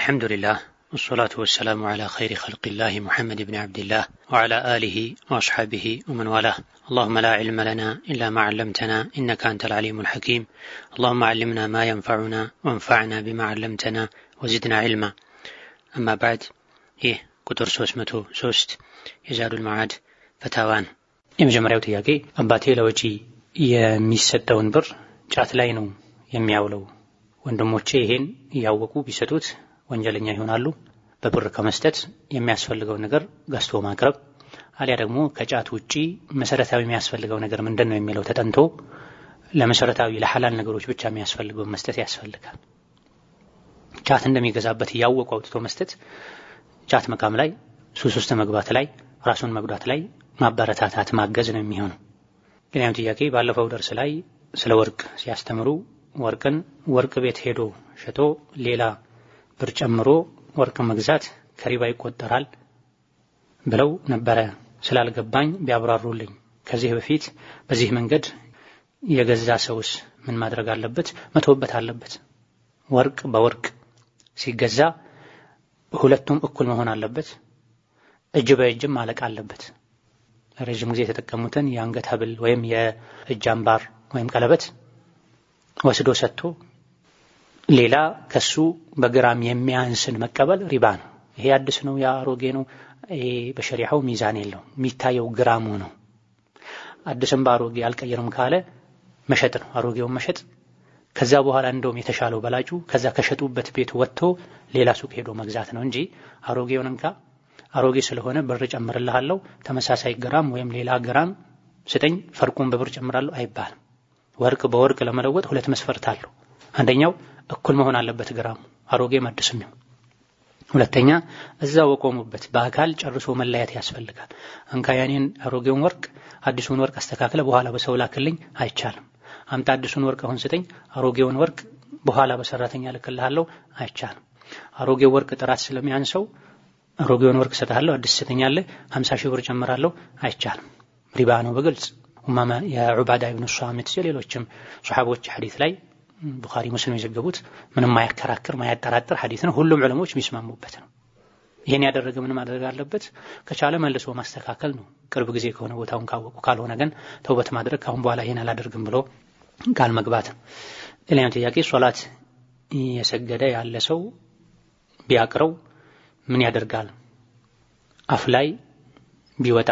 الحمد لله والصلاة والسلام على خير خلق الله محمد بن عبد الله وعلى آله وأصحابه ومن والاه اللهم لا علم لنا إلا ما علمتنا إنك أنت العليم الحكيم اللهم علمنا ما ينفعنا وانفعنا بما علمتنا وزدنا علما أما بعد ይህ ቁጥር 303 የዛዱል መዓድ ፈታዋን የመጀመሪያው ጥያቄ አባቴ ለወጪ የሚሰጠውን ብር ጫት ላይ ነው የሚያውለው ወንድሞቼ ይሄን ياوكو ቢሰጡት ወንጀለኛ ይሆናሉ። በብር ከመስጠት የሚያስፈልገው ነገር ገዝቶ ማቅረብ አሊያ ደግሞ ከጫት ውጪ መሰረታዊ የሚያስፈልገው ነገር ምንድን ነው የሚለው ተጠንቶ ለመሰረታዊ ለሐላል ነገሮች ብቻ የሚያስፈልገው መስጠት ያስፈልጋል። ጫት እንደሚገዛበት እያወቁ አውጥቶ መስጠት ጫት መቃም ላይ ሱስ ውስጥ መግባት ላይ ራሱን መጉዳት ላይ ማበረታታት ማገዝ ነው የሚሆነው። ሌላኛው ጥያቄ ባለፈው ደርስ ላይ ስለ ወርቅ ሲያስተምሩ ወርቅን ወርቅ ቤት ሄዶ ሸጦ ሌላ ብር ጨምሮ ወርቅ መግዛት ከሪባ ይቆጠራል ብለው ነበረ። ስላልገባኝ ቢያብራሩልኝ። ከዚህ በፊት በዚህ መንገድ የገዛ ሰውስ ምን ማድረግ አለበት? መተውበት አለበት። ወርቅ በወርቅ ሲገዛ ሁለቱም እኩል መሆን አለበት። እጅ በእጅም ማለቅ አለበት። ለረዥም ጊዜ የተጠቀሙትን የአንገት ሀብል ወይም የእጅ አምባር ወይም ቀለበት ወስዶ ሰጥቶ ሌላ ከሱ በግራም የሚያንስን መቀበል ሪባ ነው። ይሄ አዲስ ነው፣ የአሮጌ አሮጌ ነው፣ በሸሪሐው ሚዛን የለው የሚታየው ግራሙ ነው። አዲስም በአሮጌ አልቀየርም ካለ መሸጥ ነው፣ አሮጌውን መሸጥ። ከዛ በኋላ እንደውም የተሻለው በላጩ ከዛ ከሸጡበት ቤት ወጥቶ ሌላ ሱቅ ሄዶ መግዛት ነው እንጂ አሮጌውን እንካ አሮጌ ስለሆነ ብር ጨምርልሃለሁ፣ ተመሳሳይ ግራም ወይም ሌላ ግራም ስጠኝ፣ ፈርቁን በብር ጨምራለሁ አይባልም። ወርቅ በወርቅ ለመለወጥ ሁለት መስፈርት አለው። አንደኛው እኩል መሆን አለበት ግራሙ፣ አሮጌ አዲስም ነው። ሁለተኛ እዛ ወቆሙበት በአካል ጨርሶ መለያት ያስፈልጋል። እንካ ያኔን አሮጌውን ወርቅ አዲሱን ወርቅ አስተካክለ በኋላ በሰው ላክልኝ አይቻልም። አምጣ አዲሱን ወርቅ አሁን ስጠኝ፣ አሮጌውን ወርቅ በኋላ በሰራተኛ ልክልሃለሁ አይቻልም። አሮጌው ወርቅ ጥራት ስለሚያንሰው አሮጌውን ወርቅ ሰጥሃለሁ፣ አዲስ ስጠኛለህ፣ ሀምሳ ሺህ ብር ጨምራለሁ አይቻልም። ሪባ ነው በግልጽ ኡማማ የዑባዳ ኢብኑ ሷሚት ሌሎችም ሱሐቦች ሐዲት ላይ ቡኻሪ ሙስሊም የዘገቡት ምንም ማያከራክር ማያጠራጥር ሐዲስ ነው። ሁሉም ዕለሞች የሚስማሙበት ነው። ይህን ያደረገ ምን ማድረግ አለበት? ከቻለ መልሶ ማስተካከል ነው፣ ቅርብ ጊዜ ከሆነ ቦታውን ካወቁ። ካልሆነ ግን ተውበት ማድረግ ካሁን በኋላ ይህን አላደርግም ብሎ ቃል መግባት ነው። ሌላኛው ጥያቄ ሶላት የሰገደ ያለ ሰው ቢያቅረው ምን ያደርጋል? አፍ ላይ ቢወጣ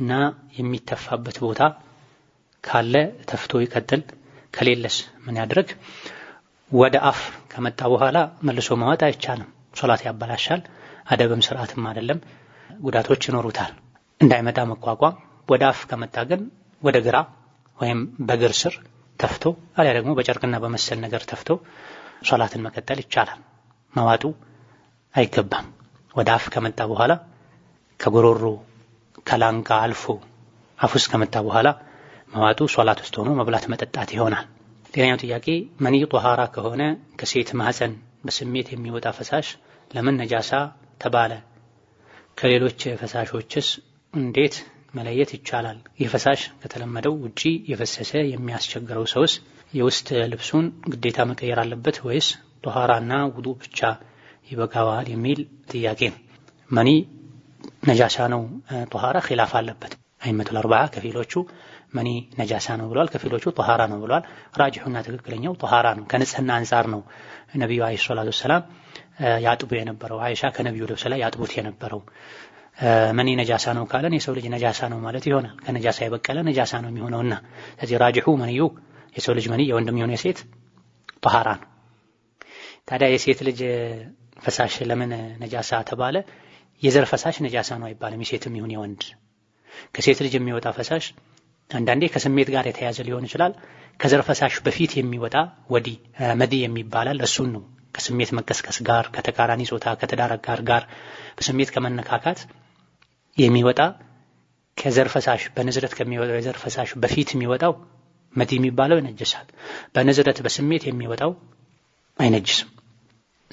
እና የሚተፋበት ቦታ ካለ ተፍቶ ይቀጥል ከሌለስ ምን ያድርግ? ወደ አፍ ከመጣ በኋላ መልሶ ማዋጥ አይቻልም። ሶላት ያበላሻል፣ አደብም ስርዓትም አይደለም። ጉዳቶች ይኖሩታል። እንዳይመጣ መቋቋም። ወደ አፍ ከመጣ ግን ወደ ግራ ወይም በግር ስር ተፍቶ አሊያ ደግሞ በጨርቅና በመሰል ነገር ተፍቶ ሶላትን መቀጠል ይቻላል። መዋጡ አይገባም። ወደ አፍ ከመጣ በኋላ ከጎሮሮ ከላንቃ አልፎ አፍ ውስጥ ከመጣ በኋላ መዋጡ ሶላት ውስጥ ሆኖ መብላት መጠጣት ይሆናል። ሌላኛው ጥያቄ መኒ ጦሃራ ከሆነ ከሴት ማህፀን በስሜት የሚወጣ ፈሳሽ ለምን ነጃሳ ተባለ? ከሌሎች ፈሳሾችስ እንዴት መለየት ይቻላል? ይህ ፈሳሽ ከተለመደው ውጪ የፈሰሰ የሚያስቸግረው ሰውስ የውስጥ ልብሱን ግዴታ መቀየር አለበት ወይስ ጦሃራና ውዱ ብቻ ይበቃዋል? የሚል ጥያቄ ነው። መኒ ነጃሳ ነው ጦሃራ ኺላፍ አለበት። አይመቱል አርባዓ ከፊሎቹ መኒ ነጃሳ ነው ብለዋል። ከፊሎቹ ጦሃራ ነው ብለዋል። ራጅሑና ትክክለኛው ጦሃራ ነው። ከንጽህና አንጻር ነው ነቢዩ አለይሂ ሰላቱ ወሰላም ያጥቡ የነበረው አይሻ ከነቢዩ ልብስ ላይ ያጥቡት የነበረው። መኒ ነጃሳ ነው ካለን የሰው ልጅ ነጃሳ ነው ማለት ይሆናል። ከነጃሳ የበቀለ ነጃሳ ነው የሚሆነውና ስለዚህ ራጅሑ መኒዩ የሰው ልጅ መኒ የወንድም የሆነ የሴት ጦሃራ ነው። ታዲያ የሴት ልጅ ፈሳሽ ለምን ነጃሳ ተባለ? የዘር ፈሳሽ ነጃሳ ነው አይባልም። የሴትም ይሁን የወንድ ከሴት ልጅ የሚወጣ ፈሳሽ አንዳንዴ ከስሜት ጋር የተያዘ ሊሆን ይችላል። ከዘር ፈሳሽ በፊት የሚወጣ ወዲ መዲ የሚባላል እሱን ነው ከስሜት መቀስቀስ ጋር ከተቃራኒ ጾታ ከትዳር አጋር ጋር በስሜት ከመነካካት የሚወጣ ከዘር ፈሳሽ በንዝረት ከሚወጣው የዘር ፈሳሽ በፊት የሚወጣው መዲ የሚባለው ይነጅሳል። በንዝረት በስሜት የሚወጣው አይነጅስም።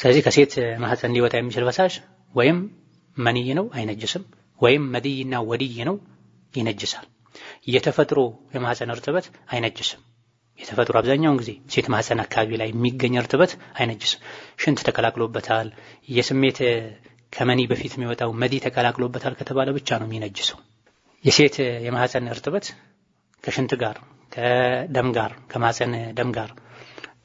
ስለዚህ ከሴት ማህፀን ሊወጣ የሚችል ፈሳሽ ወይም መንይ ነው አይነጅስም፣ ወይም መዲይና ወዲይ ነው ይነጅሳል። የተፈጥሮ የማህፀን እርጥበት አይነጅስም። የተፈጥሮ አብዛኛውን ጊዜ ሴት ማህፀን አካባቢ ላይ የሚገኝ እርጥበት አይነጅስም። ሽንት ተቀላቅሎበታል፣ የስሜት ከመኒ በፊት የሚወጣው መዲ ተቀላቅሎበታል ከተባለ ብቻ ነው የሚነጅሰው። የሴት የማህፀን እርጥበት ከሽንት ጋር ከደም ጋር ከማህፀን ደም ጋር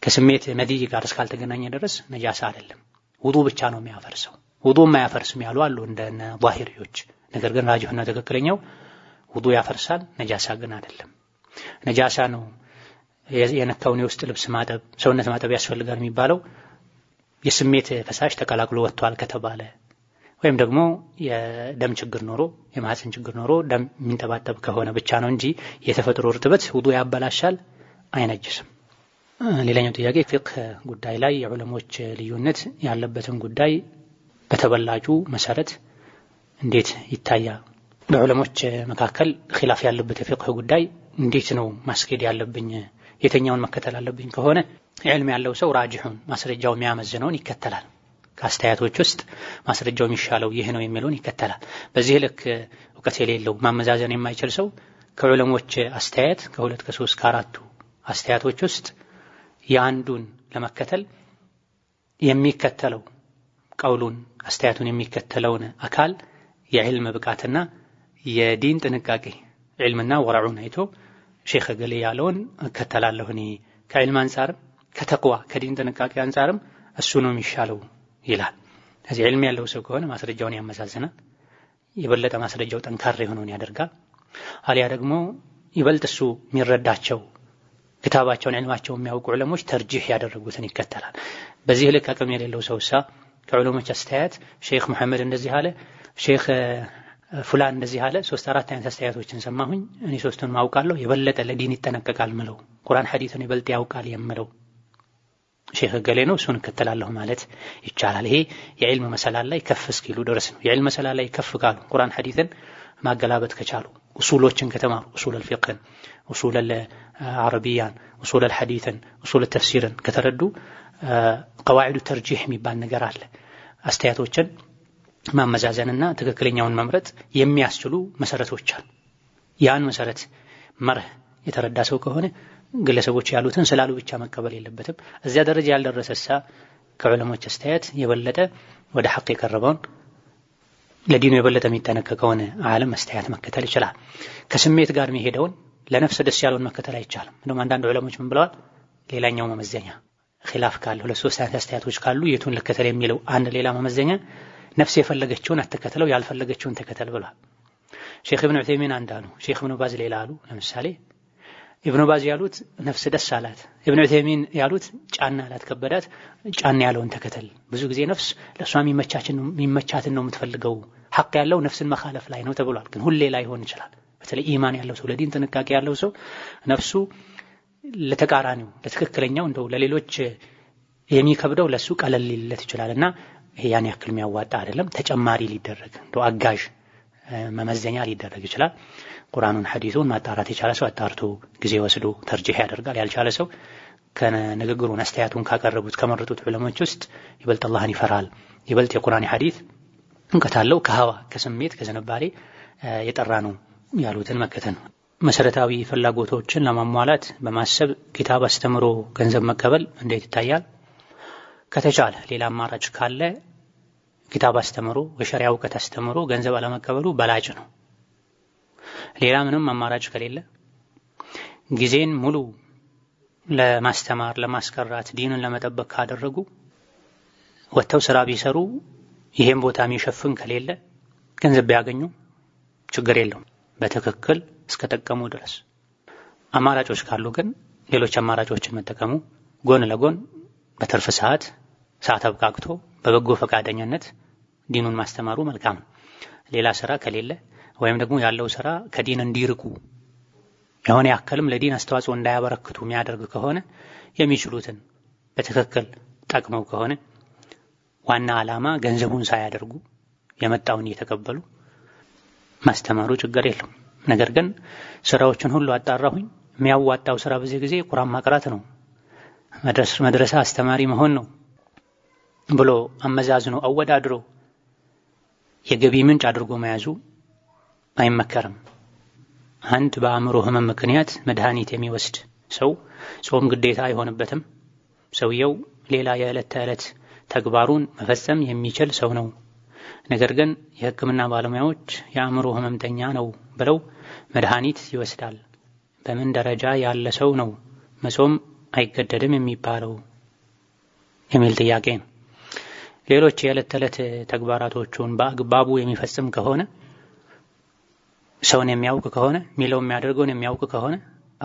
ከስሜት መዲ ጋር እስካልተገናኘ ድረስ ነጃሳ አይደለም። ውጡ ብቻ ነው የሚያፈርሰው። ውጡ የማያፈርስም ያሉ አሉ እንደ ዛሂሪዎች። ነገር ግን ራጅሁና ትክክለኛው ውዱ ያፈርሳል፣ ነጃሳ ግን አይደለም። ነጃሳ ነው የነካውን የውስጥ ልብስ ማጠብ፣ ሰውነት ማጠብ ያስፈልጋል የሚባለው የስሜት ፈሳሽ ተቀላቅሎ ወጥቷል ከተባለ ወይም ደግሞ የደም ችግር ኖሮ የማህፀን ችግር ኖሮ ደም የሚንጠባጠብ ከሆነ ብቻ ነው እንጂ የተፈጥሮ እርጥበት ውዱ ያበላሻል፣ አይነጅስም። ሌላኛው ጥያቄ ፊቅህ ጉዳይ ላይ የዑለሞች ልዩነት ያለበትን ጉዳይ በተበላጩ መሰረት እንዴት ይታያል? በዑለሞች መካከል ኪላፍ ያለበት የፊቅህ ጉዳይ እንዴት ነው ማስኬድ ያለብኝ የተኛውን መከተል አለብኝ ከሆነ ዕልም ያለው ሰው ራጅሑን ማስረጃው የሚያመዝነውን ይከተላል። ከአስተያየቶች ውስጥ ማስረጃው የሚሻለው ይህ ነው የሚለውን ይከተላል። በዚህ ልክ እውቀት የሌለው ማመዛዘን የማይችል ሰው ከዑለሞች አስተያየት ከሁለት ከሶስት ከአራቱ አስተያየቶች ውስጥ የአንዱን ለመከተል የሚከተለው ቀውሉን አስተያየቱን የሚከተለውን አካል የዕልም ብቃትና የዲን ጥንቃቄ ዕልምና ወረዑን አይቶ ሼክ እገሌ ያለውን እከተላለሁ እኔ ከዕልም አንጻርም ከተቅዋ ከዲን ጥንቃቄ አንጻርም እሱ ነው የሚሻለው ይላል። እዚህ ዕልም ያለው ሰው ከሆነ ማስረጃውን ያመዛዝናል። የበለጠ ማስረጃው ጠንካራ የሆነውን ያደርጋል። አሊያ ደግሞ ይበልጥ እሱ የሚረዳቸው ክታባቸውን ዕልማቸው የሚያውቁ ዕለሞች ተርጂህ ያደረጉትን ይከተላል። በዚህ ልክ አቅም የሌለው ሰውሳ ከዑለሞች አስተያየት ሼክ መሐመድ እንደዚህ አለ ሼክ ፉላን እንደዚህ አለ። ሶስት አራት አይነት አስተያየቶችን ሰማሁኝ። እኔ ሶስቱን ማውቃለሁ። የበለጠ ለዲን ይጠነቀቃል ምለው ቁርአን ሐዲስን ይበልጥ ያውቃል የምለው ሼህ እገሌ ነው እሱን እከተላለሁ ማለት ይቻላል። ይሄ የዕልም መሰላል ላይ ከፍ እስኪሉ ድረስ ነው። የዕልም መሰላል ላይ ከፍ ካሉ ቁርአን ሐዲስን ማገላበጥ ከቻሉ ኡሱሎችን ከተማሩ ኡሱል አልፊቅህን፣ ኡሱል አልዓረቢያን፣ ኡሱል አልሐዲስን፣ ኡሱል ተፍሲርን ከተረዱ ቀዋዒዱ ተርጂህ የሚባል ነገር አለ አስተያየቶችን ማመዛዘንና ትክክለኛውን መምረጥ የሚያስችሉ መሰረቶች አሉ። ያን መሰረት መርህ የተረዳ ሰው ከሆነ ግለሰቦች ያሉትን ስላሉ ብቻ መቀበል የለበትም። እዚያ ደረጃ ያልደረሰሳ ከዑለሞች አስተያየት የበለጠ ወደ ሐቅ የቀረበውን ለዲኑ የበለጠ የሚጠነቀቅ ከሆነ ዓለም አስተያየት መከተል ይችላል። ከስሜት ጋር የሚሄደውን ለነፍስ ደስ ያለውን መከተል አይቻልም። እንደውም አንዳንድ ዑለሞች ምን ብለዋል? ሌላኛው መመዘኛ ላፍ ካለ ሁለት ሶስት አይነት አስተያየቶች ካሉ የቱን ልከተል የሚለው አንድ ሌላ መመዘኛ ነፍስ የፈለገችውን አትከተለው፣ ያልፈለገችውን ተከተል ብሏል። ሼክ እብን ዑቴሚን አንዳሉ፣ ሼክ እብኑ ባዝ ሌላ አሉ። ለምሳሌ እብኑ ባዝ ያሉት ነፍስ ደስ አላት፣ እብን ዑቴሚን ያሉት ጫና አላት፣ ከበዳት፣ ጫና ያለውን ተከተል። ብዙ ጊዜ ነፍስ ለእሷ የሚመቻትን ነው የምትፈልገው። ሐቅ ያለው ነፍስን መካለፍ ላይ ነው ተብሏል። ግን ሁሌ ላይሆን ይችላል። በተለይ ኢማን ያለው ሰው ለዲን ጥንቃቄ ያለው ሰው ነፍሱ ለተቃራኒው ለትክክለኛው እንደው ለሌሎች የሚከብደው ለሱ ቀለል ሊለት ይችላል እና ይሄ ያን ያክል የሚያዋጣ አይደለም። ተጨማሪ ሊደረግ እንደ አጋዥ መመዘኛ ሊደረግ ይችላል። ቁርአኑን ሐዲሱን ማጣራት የቻለ ሰው አጣርቶ ጊዜ ወስዶ ተርጅህ ያደርጋል። ያልቻለ ሰው ከንግግሩን አስተያየቱን ካቀረቡት ከመረጡት ዑለሞች ውስጥ ይበልጥ አላህን ይፈራል፣ ይበልጥ የቁርአን ሐዲስ እውቀት አለው፣ ከሀዋ ከስሜት ከዝንባሌ የጠራ ነው ያሉትን መከተን ነው። መሰረታዊ ፍላጎቶችን ለማሟላት በማሰብ ኪታብ አስተምሮ ገንዘብ መቀበል እንዴት ይታያል? ከተቻለ ሌላ አማራጭ ካለ ኪታብ አስተምሮ የሸሪያ እውቀት አስተምሮ ገንዘብ አለመቀበሉ በላጭ ነው። ሌላ ምንም አማራጭ ከሌለ ጊዜን ሙሉ ለማስተማር ለማስቀራት፣ ዲንን ለመጠበቅ ካደረጉ ወጥተው ስራ ቢሰሩ ይሄን ቦታ የሚሸፍን ከሌለ ገንዘብ ቢያገኙ ችግር የለውም በትክክል እስከጠቀሙ ድረስ። አማራጮች ካሉ ግን ሌሎች አማራጮችን መጠቀሙ ጎን ለጎን በትርፍ ሰዓት ሰዓት አብቃቅቶ በበጎ ፈቃደኝነት ዲኑን ማስተማሩ መልካም ነው። ሌላ ስራ ከሌለ ወይም ደግሞ ያለው ስራ ከዲን እንዲርቁ የሆነ ያክልም ለዲን አስተዋጽኦ እንዳያበረክቱ የሚያደርግ ከሆነ የሚችሉትን በትክክል ጠቅመው ከሆነ ዋና ዓላማ ገንዘቡን ሳያደርጉ የመጣውን እየተቀበሉ ማስተማሩ ችግር የለው። ነገር ግን ስራዎችን ሁሉ አጣራሁኝ የሚያዋጣው ስራ ብዙ ጊዜ ቁራን ማቅራት ነው፣ መድረሳ አስተማሪ መሆን ነው ብሎ አመዛዝኖ አወዳድሮ የገቢ ምንጭ አድርጎ መያዙ አይመከርም። አንድ በአእምሮ ህመም ምክንያት መድኃኒት የሚወስድ ሰው ጾም ግዴታ አይሆንበትም። ሰውየው ሌላ የዕለት ተዕለት ተግባሩን መፈጸም የሚችል ሰው ነው። ነገር ግን የሕክምና ባለሙያዎች የአእምሮ ህመምተኛ ነው ብለው መድኃኒት ይወስዳል። በምን ደረጃ ያለ ሰው ነው መጾም አይገደድም የሚባለው የሚል ጥያቄ ነው። ሌሎች የዕለት ተዕለት ተግባራቶቹን በአግባቡ የሚፈጽም ከሆነ ሰውን የሚያውቅ ከሆነ ሚለው የሚያደርገውን የሚያውቅ ከሆነ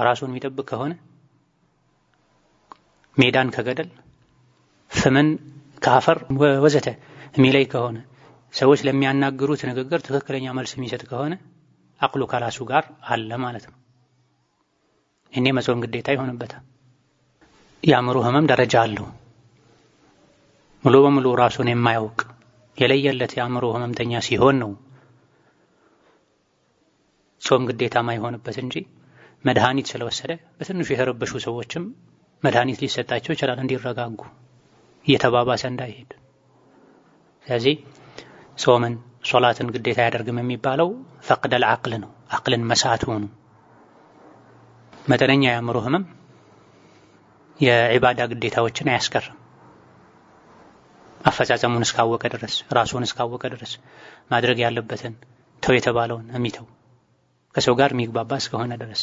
ራሱን የሚጠብቅ ከሆነ ሜዳን ከገደል ፍምን ከአፈር ወዘተ የሚለይ ከሆነ ሰዎች ለሚያናግሩት ንግግር ትክክለኛ መልስ የሚሰጥ ከሆነ አቅሉ ከራሱ ጋር አለ ማለት ነው። እኔ መጾም ግዴታ ይሆንበታል። የአእምሮ ህመም ደረጃ አለው። ሙሉ በሙሉ ራሱን የማያውቅ የለየለት የአእምሮ ህመምተኛ ሲሆን ነው ጾም ግዴታ ማይሆንበት እንጂ መድኃኒት ስለወሰደ በትንሹ የተረበሹ ሰዎችም መድኃኒት ሊሰጣቸው ይችላል እንዲረጋጉ እየተባባሰ እንዳይሄድ። ስለዚህ ጾምን፣ ሶላትን ግዴታ አያደርግም የሚባለው ፈቅደል አቅል ነው፣ አቅልን መሳት ሆኑ። መጠነኛ የአእምሮ ህመም የዒባዳ ግዴታዎችን አያስቀርም። አፈጻጸሙን እስካወቀ ድረስ ራሱን እስካወቀ ድረስ ማድረግ ያለበትን ተው የተባለውን የሚተው ከሰው ጋር የሚግባባ እስከሆነ ድረስ።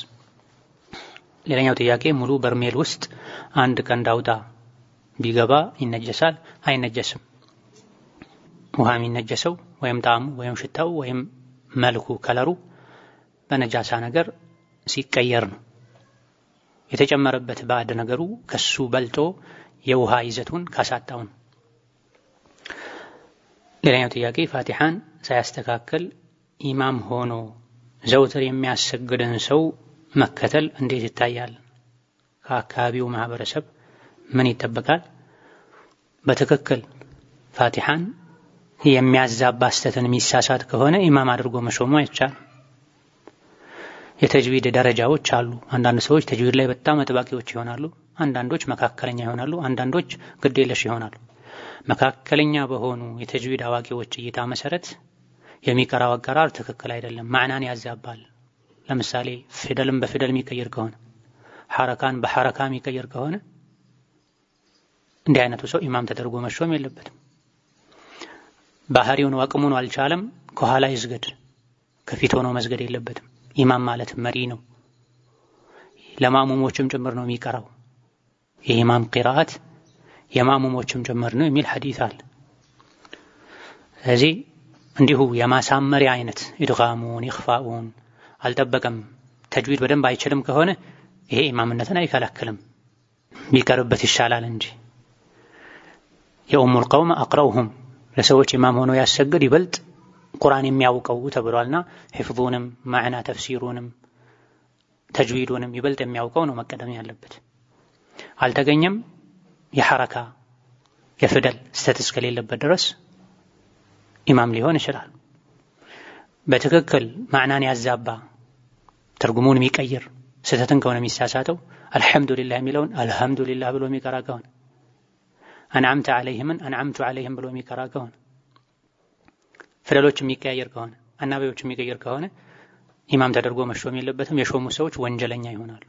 ሌላኛው ጥያቄ ሙሉ በርሜል ውስጥ አንድ ቀንድ አውጣ ቢገባ ይነጀሳል አይነጀስም? ውሃ የሚነጀሰው ወይም ጣዕሙ ወይም ሽታው ወይም መልኩ ከለሩ በነጃሳ ነገር ሲቀየር ነው። የተጨመረበት ባዕድ ነገሩ ከሱ በልጦ የውሃ ይዘቱን ካሳጣው ነው። ሌላኛው ጥያቄ ፋቲሓን ሳያስተካከል ኢማም ሆኖ ዘውትር የሚያሰግድን ሰው መከተል እንዴት ይታያል? ከአካባቢው ማህበረሰብ ምን ይጠበቃል? በትክክል ፋቲሓን የሚያዛባ ስተትን የሚሳሳት ከሆነ ኢማም አድርጎ መሾሙ አይቻልም። የተጅዊድ ደረጃዎች አሉ። አንዳንድ ሰዎች ተጅዊድ ላይ በጣም አጥባቂዎች ይሆናሉ፣ አንዳንዶች መካከለኛ ይሆናሉ፣ አንዳንዶች ግዴለሽ ይሆናሉ። መካከለኛ በሆኑ የተጅዊድ አዋቂዎች እይታ መሰረት የሚቀራው አቀራር ትክክል አይደለም፣ ማዕናን ያዛባል። ለምሳሌ ፊደልን በፊደል የሚቀየር ከሆነ ሐረካን በሐረካ የሚቀየር ከሆነ እንዲህ አይነቱ ሰው ኢማም ተደርጎ መሾም የለበትም። ባህሪውን አቅሙን አልቻለም፣ ከኋላ ይስገድ፣ ከፊት ሆኖ መስገድ የለበትም። ኢማም ማለት መሪ ነው፣ ለማሙሞችም ጭምር ነው የሚቀራው የኢማም ቂራአት የማሙሞችም ጭምር ነው የሚል ሐዲስ አለ። ስለዚህ እንዲሁ የማሳመሪያ አይነት ኢድጋሙን ኢኽፋኡን አልጠበቀም ተጅዊድ በደንብ አይችልም ከሆነ ይሄ ኢማምነትን አይከላክልም፣ ቢቀርበት ይሻላል እንጂ የኡሙል ቀውም አቅረውሁም ለሰዎች ኢማም ሆኖ ያሰግድ ይበልጥ ቁርአን የሚያውቀው ተብሏልና ሂፍዙንም ማዕና ተፍሲሩንም ተጅዊዱንም ይበልጥ የሚያውቀው ነው መቀደም ያለበት። አልተገኘም የሐረካ የፊደል ስህተት እስከሌለበት ድረስ ኢማም ሊሆን ይችላል። በትክክል ማዕናን ያዛባ ትርጉሙን የሚቀይር ስህተትን ከሆነ የሚሳሳተው አልሐምዱሊላህ የሚለውን አልሐምዱሊላህ ብሎ የሚቀራ ከሆነ አንዓምተ ዓለይህምን አንዓምቱ ዓለይህም ብሎ የሚቀራ ከሆነ ፊደሎች የሚቀያየር ከሆነ አናባቢዎች የሚቀይር ከሆነ ኢማም ተደርጎ መሾም የለበትም። የሾሙ ሰዎች ወንጀለኛ ይሆናሉ።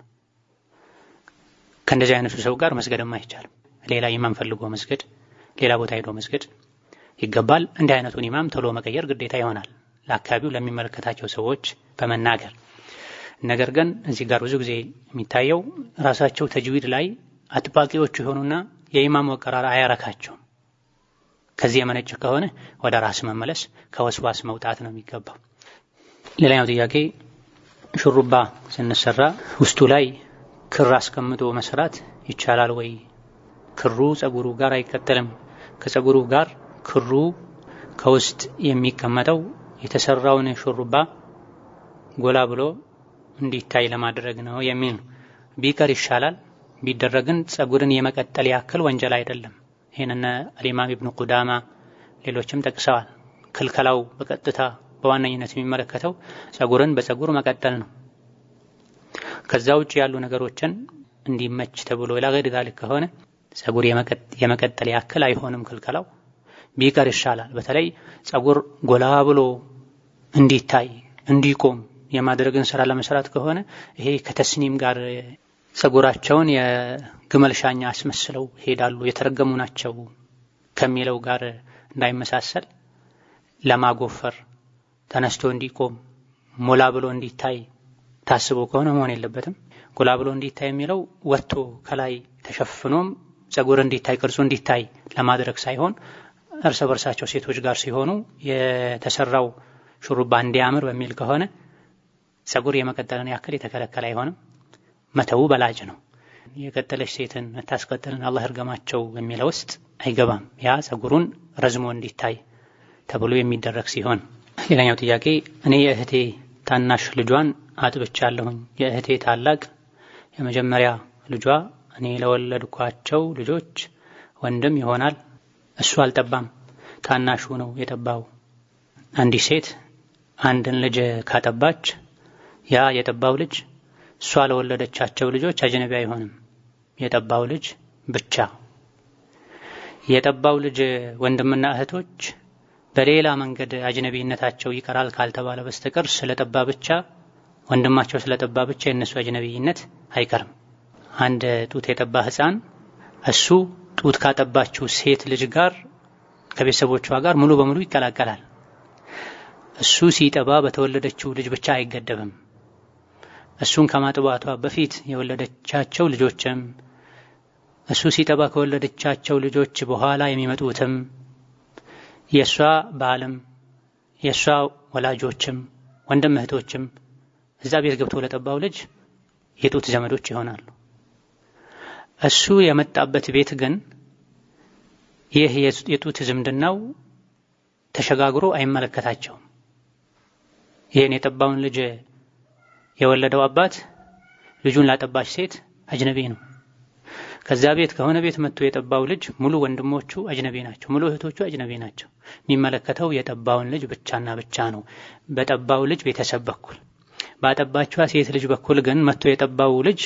ከእንደዚህ አይነቱ ሰው ጋር መስገድም አይቻልም። ሌላ ኢማም ፈልጎ መስገድ፣ ሌላ ቦታ ሄዶ መስገድ ይገባል። እንዲህ አይነቱን ኢማም ቶሎ መቀየር ግዴታ ይሆናል ለአካባቢው ለሚመለከታቸው ሰዎች በመናገር ነገር ግን እዚህ ጋር ብዙ ጊዜ የሚታየው ራሳቸው ተጅዊድ ላይ አጥባቂዎቹ የሆኑና የኢማሙ አቀራር አያረካቸውም። ከዚህ የመነጭ ከሆነ ወደ ራስ መመለስ ከወስዋስ መውጣት ነው የሚገባው። ሌላኛው ጥያቄ ሹሩባ ስንሰራ ውስጡ ላይ ክር አስቀምጦ መስራት ይቻላል ወይ? ክሩ ጸጉሩ ጋር አይከተልም። ከጸጉሩ ጋር ክሩ ከውስጥ የሚቀመጠው የተሰራውን ሹሩባ ጎላ ብሎ እንዲታይ ለማድረግ ነው የሚል ቢቀር ይሻላል። ቢደረግን ጸጉርን የመቀጠል ያክል ወንጀል አይደለም። ይህንን አልኢማም ኢብኑ ቁዳማ ሌሎችም ጠቅሰዋል። ክልከላው በቀጥታ በዋነኝነት የሚመለከተው ጸጉርን በጸጉር መቀጠል ነው። ከዛ ውጭ ያሉ ነገሮችን እንዲመች ተብሎ ኢላ ገይሪ ከሆነ ጸጉር የመቀጠል ያክል አይሆንም ክልከላው፣ ቢቀር ይሻላል። በተለይ ጸጉር ጎላ ብሎ እንዲታይ እንዲቆም የማድረግን ስራ ለመስራት ከሆነ ይሄ ከተስኒም ጋር ጸጉራቸውን የግመልሻኛ አስመስለው ይሄዳሉ የተረገሙ ናቸው ከሚለው ጋር እንዳይመሳሰል ለማጎፈር ተነስቶ እንዲቆም ሞላ ብሎ እንዲታይ ታስቦ ከሆነ መሆን የለበትም። ጎላ ብሎ እንዲታይ የሚለው ወጥቶ ከላይ ተሸፍኖም ጸጉር እንዲታይ ቅርጹ እንዲታይ ለማድረግ ሳይሆን እርስ በርሳቸው ሴቶች ጋር ሲሆኑ የተሰራው ሹሩባ እንዲያምር በሚል ከሆነ ጸጉር የመቀጠልን ያክል የተከለከለ አይሆንም። መተው በላጭ ነው። የቀጠለች ሴትን መታስቀጠልን አላህ እርገማቸው በሚለው ውስጥ አይገባም። ያ ጸጉሩን ረዝሞ እንዲታይ ተብሎ የሚደረግ ሲሆን፣ ሌላኛው ጥያቄ እኔ የእህቴ ታናሽ ልጇን አጥብቻለሁኝ። የእህቴ ታላቅ የመጀመሪያ ልጇ እኔ ለወለድኳቸው ልጆች ወንድም ይሆናል። እሱ አልጠባም፣ ታናሹ ነው የጠባው። አንዲት ሴት አንድን ልጅ ካጠባች ያ የጠባው ልጅ እሷ ለወለደቻቸው ልጆች አጅነቢ አይሆንም፣ የጠባው ልጅ ብቻ። የጠባው ልጅ ወንድምና እህቶች በሌላ መንገድ አጅነቢይነታቸው ይቀራል ካልተባለ በስተቀር ስለጠባ ብቻ ወንድማቸው ስለጠባ ብቻ የእነሱ አጅነቢይነት አይቀርም። አንድ ጡት የጠባ ህፃን እሱ ጡት ካጠባችው ሴት ልጅ ጋር ከቤተሰቦቿ ጋር ሙሉ በሙሉ ይቀላቀላል። እሱ ሲጠባ በተወለደችው ልጅ ብቻ አይገደብም። እሱን ከማጥባቷ በፊት የወለደቻቸው ልጆችም እሱ ሲጠባ ከወለደቻቸው ልጆች በኋላ የሚመጡትም የእሷ ባልም የእሷ ወላጆችም ወንድም እህቶችም እዛ ቤት ገብቶ ለጠባው ልጅ የጡት ዘመዶች ይሆናሉ። እሱ የመጣበት ቤት ግን ይህ የጡት ዝምድናው ተሸጋግሮ አይመለከታቸውም። ይህን የጠባውን ልጅ የወለደው አባት ልጁን ላጠባች ሴት አጅነቢ ነው። ከዚያ ቤት ከሆነ ቤት መጥቶ የጠባው ልጅ ሙሉ ወንድሞቹ አጅነቢ ናቸው፣ ሙሉ እህቶቹ አጅነቢ ናቸው። የሚመለከተው የጠባውን ልጅ ብቻና ብቻ ነው፣ በጠባው ልጅ ቤተሰብ በኩል። ባጠባቿ ሴት ልጅ በኩል ግን መጥቶ የጠባው ልጅ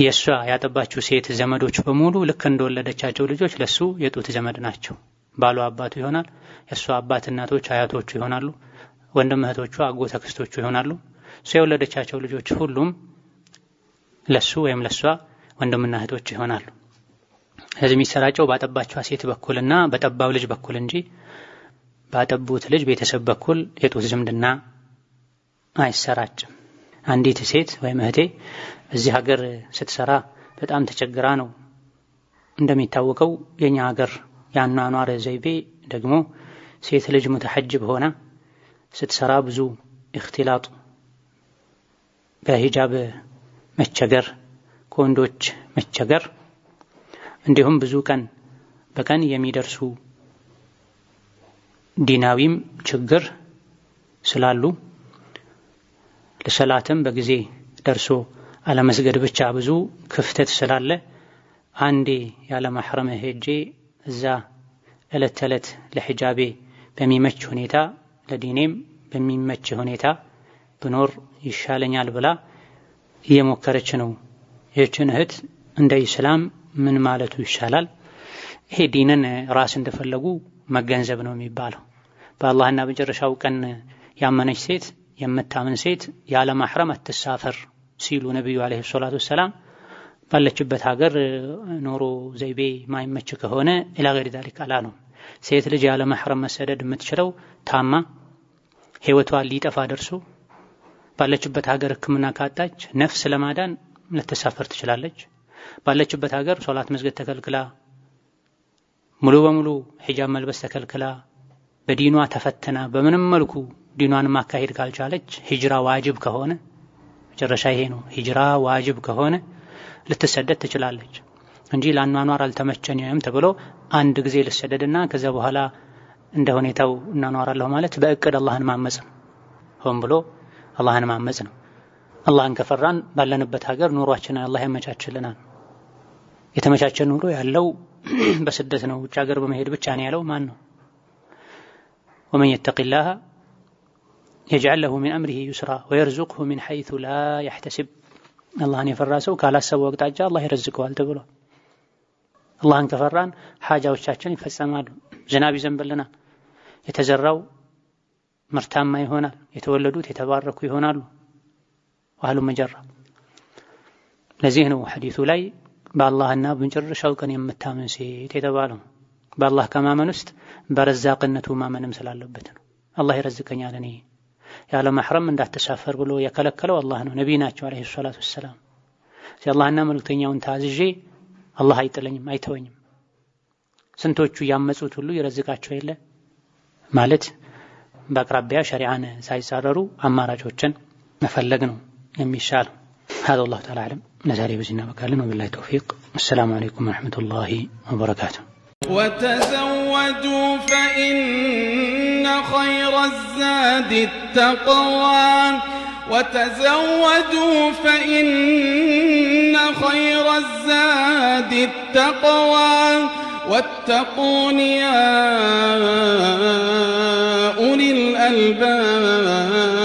የእሷ ያጠባችው ሴት ዘመዶች በሙሉ ልክ እንደወለደቻቸው ልጆች ለሱ የጡት ዘመድ ናቸው። ባሉ አባቱ ይሆናል። የእሷ አባት እናቶች አያቶቹ ይሆናሉ። ወንድም እህቶቹ፣ አጎት አክስቶቹ ይሆናሉ። እሷ የወለደቻቸው ልጆች ሁሉም ለሱ ወይም ለሷ ወንድምና እህቶች ይሆናሉ። ስለዚህ የሚሰራጨው ባጠባችዋ ሴት በኩልና በጠባው ልጅ በኩል እንጂ ባጠቡት ልጅ ቤተሰብ በኩል የጡት ዝምድና አይሰራጭም። አንዲት ሴት ወይም እህቴ እዚህ ሀገር ስትሰራ በጣም ተቸግራ ነው። እንደሚታወቀው የኛ ሀገር የአኗኗር ዘይቤ ደግሞ ሴት ልጅ ሙተሐጅብ ሆና ስትሰራ ብዙ እክትላጡ በሂጃብ መቸገር፣ ከወንዶች መቸገር እንዲሁም ብዙ ቀን በቀን የሚደርሱ ዲናዊም ችግር ስላሉ ለሰላትም በጊዜ ደርሶ አለመስገድ ብቻ ብዙ ክፍተት ስላለ አንዴ ያለ ማሕረም ሄጄ እዛ ዕለት ተዕለት ለሒጃቤ በሚመች ሁኔታ ለዲኔም በሚመች ሁኔታ ብኖር ይሻለኛል ብላ እየሞከረች ነው። ይህችን እህት እንደ ኢስላም ምን ማለቱ ይሻላል? ይሄ ዲንን ራስ እንደፈለጉ መገንዘብ ነው የሚባለው። በአላህና በመጨረሻው ቀን ያመነች ሴት የምታምን ሴት ያለ ማህረም አትሳፈር ሲሉ ነቢዩ አለይሂ ሰላቱ ወሰላም ባለችበት ሀገር ኖሮ ዘይቤ ማይመች ከሆነ ኢላ ገይሪ ዛሊክ አላሉ። ሴት ልጅ ያለ ማህረም መሰደድ የምትችለው ታማ ህይወቷ ሊጠፋ ደርሶ ባለችበት ሀገር ሕክምና ካጣች ነፍስ ለማዳን ልትሳፈር ትችላለች። ባለችበት ሀገር ሶላት መስገድ ተከልክላ ሙሉ በሙሉ ሒጃብ መልበስ ተከልክላ በዲኗ ተፈትና በምንም መልኩ ዲኗን ማካሄድ ካልቻለች ሂጅራ ዋጅብ ከሆነ መጨረሻ ይሄ ነው። ሂጅራ ዋጅብ ከሆነ ልትሰደድ ትችላለች እንጂ ለአኗኗር አልተመቸኝም ተብሎ አንድ ጊዜ ልሰደድና ከዚያ በኋላ እንደ ሁኔታው እናኗራለሁ ማለት በእቅድ አላህን ማመጽ ነው። ሆን ብሎ አላህን ማመጽ ነው። አላህን ከፈራን ባለንበት ሀገር ኑሯችንን አላህ ያመቻችልናል። የተመቻቸ ኑሮ ያለው በስደት ነው። ውጭ ሀገር በመሄድ ብቻ ነው ያለው ማን ነው? ወመን የተቂላህ يجعل له من أمره يسرا ويرزقه من حيث لا يحتسب الله أن يفرسه وقال سوى وقت عجا الله يرزقه هل تقوله الله أن تفران حاجة وشاشن يفسمار زنابي زنب لنا يتزرعوا مرتام ما يهونا يتولدوا يتباركوا يهونا وأهل مجرة لزهنوا حديث لي بالله الله الناب من جر شوكا يمتا من سيت يتبالهم بالله با كما منست برزاق النتو ما منمسل الله يرزقني على نيه ያለ ማህረም እንዳትሳፈር ብሎ የከለከለው አላህ ነው፣ ነቢይ ናቸው አለይሂ ሰላቱ ወሰላም። አላህና መልእክተኛውን ታዝዤ አላህ አይጥለኝም፣ አይተወኝም። ስንቶቹ ያመጹት ሁሉ ይረዝቃቸው የለ ማለት በአቅራቢያ ሸሪዓን ሳይጻረሩ አማራጮችን መፈለግ ነው የሚሻል። هذا والله تعالى أعلم نزاري بزنا بكالن وبالله توفيق السلام عليكم ورحمة الله وبركاته تزودوا فإن خير الزاد التقوى وتزودوا فإن خير الزاد التقوى واتقون يا أولي الألباب